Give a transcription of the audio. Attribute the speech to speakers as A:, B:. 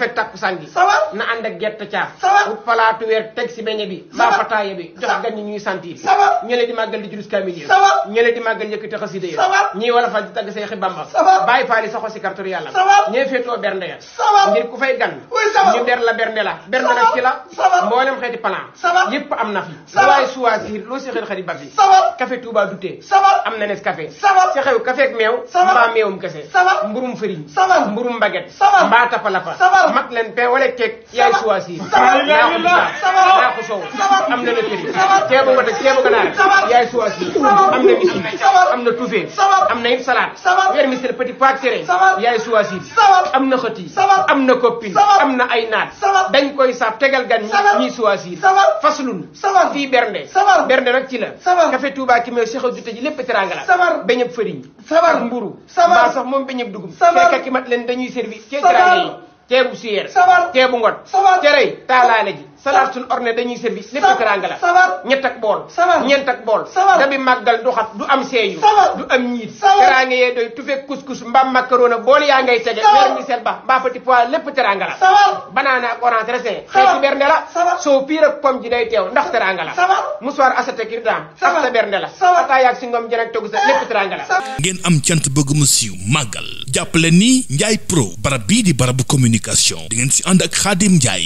A: fekk takkusaan gi sawar na ànd ak gerte caaf sawar ut palaatu weer teg si beñe bi baa fataaya bi jox gan ñi ñuy sant yi sawar ñële di màggal di jurus kaamil yi sawar ñële di màggal yëkkati xasida yi sawar ñii wala fal di tagg say xibamba sawar bàyyi faali saxo si kartur yàlla sawar ñee féetoo bernde ya sawar ngir ku fay gan ñu der la bernde la bernde nag ci la mboolem xeeti plan sawar yëpp am na fi waaye suwaasir loo si xër xarit bat bi sawar café Touba Douté sawar am na nes café sawar si xew café ak meew mbaa meewum kese sawar mburum fëriñ sawar mburum baguette mbaa tapalapa mat leen pain wala cake yaay choisir naaxu sow am na lëkkëri ceebu nga teg ceebu ganaar yaay choisir am na misi am na touffé am na it salade vermicelle le petit pois serré yaay choisir am na xëti am na copine am na ay naat dañ koy saaf tegal gan ñi ñiy choisir faslun fii bernde bernde nag ci la café Touba ki mee sexa jute ji lépp teranga la beñëb fëriñ ak mburu mbaa sax moom beñëb dugub fekk ki mat leen dañuy servir ci teranga yi teebu siyeer sabar teebu ngot sabar cerey taalaale ji salaat suñ orne dañuy service lépp teraanga la sabar ñett ak bool sabar ñeent ak bool sabar dabi màggal du xat du am seeyu du am ñiit teraanga yee doy tufe couscous mbaam macarona bool yaa ngay tege weer seen ba mbaa petit pois lépp teraanga la sabar banaana ak orange raisin xeeti bernde la soo piir kom pomme ji day teew ndax teraanga la musuwaar asata kir daam ak sa bernde la ataa yaag si ngoom jën ak togg sax lépp teraanga la ngeen am cant bëgg jàppale ni Ndiaye Pro barab bii di barabu communication di ngeen si ànd ak Khadim Ndiaye